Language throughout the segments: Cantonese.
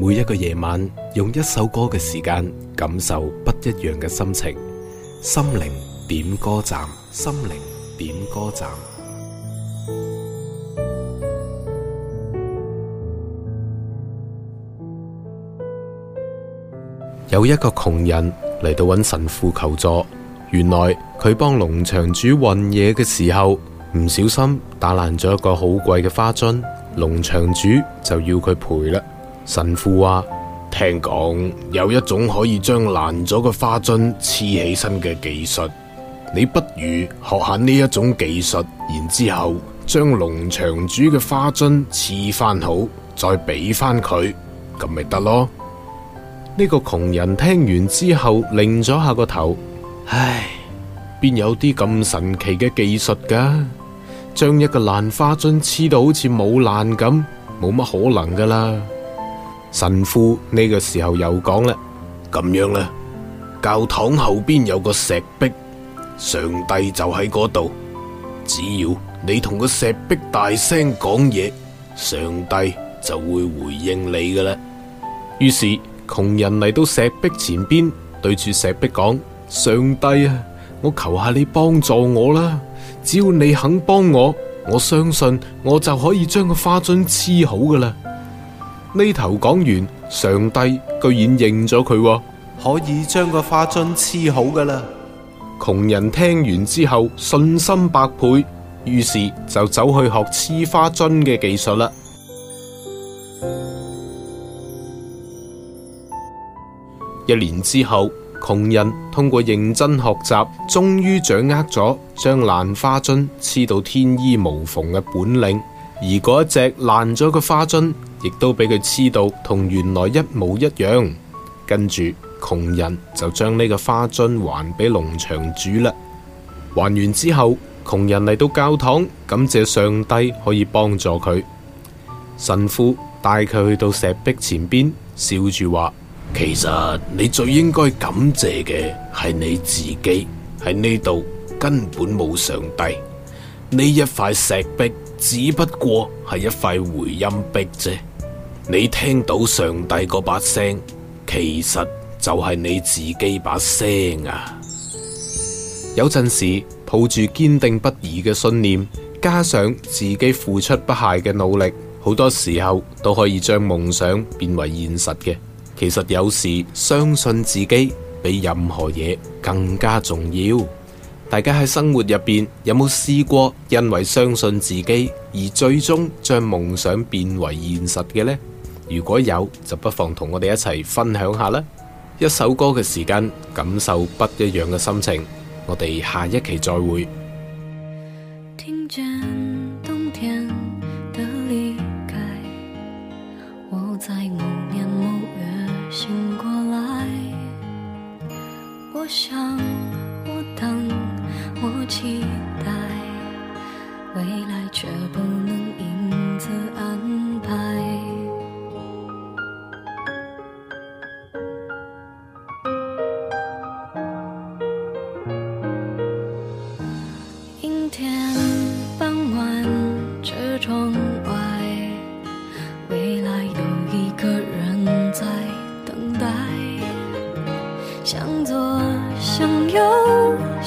每一個夜晚，用一首歌嘅時間感受不一樣嘅心情。心靈點歌站，心靈點歌站。有一個窮人嚟到揾神父求助，原來佢幫農場主運嘢嘅時候，唔小心打爛咗一個好貴嘅花樽，農場主就要佢賠啦。神父啊，聽講有一種可以將爛咗嘅花樽黐起身嘅技術，你不如學下呢一種技術，然之後將農場主嘅花樽黐翻好，再俾翻佢，咁咪得咯。呢個窮人聽完之後，擰咗下個頭，唉，邊有啲咁神奇嘅技術噶？將一個爛花樽黐到好似冇爛咁，冇乜可能噶啦。神父呢個時候又講啦，咁樣啦，教堂後邊有個石壁，上帝就喺嗰度，只要你同個石壁大聲講嘢，上帝就會回應你噶啦。於是窮人嚟到石壁前邊，對住石壁講：上帝啊，我求下你幫助我啦，只要你肯幫我，我相信我就可以將個花樽黐好噶啦。呢頭講完，上帝居然認咗佢，可以將個花樽黐好噶啦。窮人聽完之後，信心百倍，於是就走去學黐花樽嘅技術啦。一年之後，窮人通過認真學習，終於掌握咗將爛花樽黐到天衣無縫嘅本領。而嗰一隻爛咗嘅花樽，亦都俾佢黐到同原來一模一樣。跟住，窮人就將呢個花樽還俾農場主啦。還完之後，窮人嚟到教堂，感謝上帝可以幫助佢。神父帶佢去到石壁前邊，笑住話：其實你最應該感謝嘅係你自己，喺呢度根本冇上帝。呢一塊石壁。只不過係一塊回音壁啫，你聽到上帝嗰把聲，其實就係你自己把聲啊！有陣時抱住堅定不移嘅信念，加上自己付出不懈嘅努力，好多時候都可以將夢想變為現實嘅。其實有時相信自己，比任何嘢更加重要。大家喺生活入邊有冇試過因為相信自己而最終將夢想變為現實嘅呢？如果有，就不妨同我哋一齊分享下啦！一首歌嘅時間，感受不一樣嘅心情。我哋下一期再會。聽見冬天的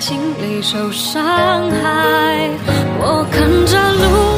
心裏受傷害，我看着路。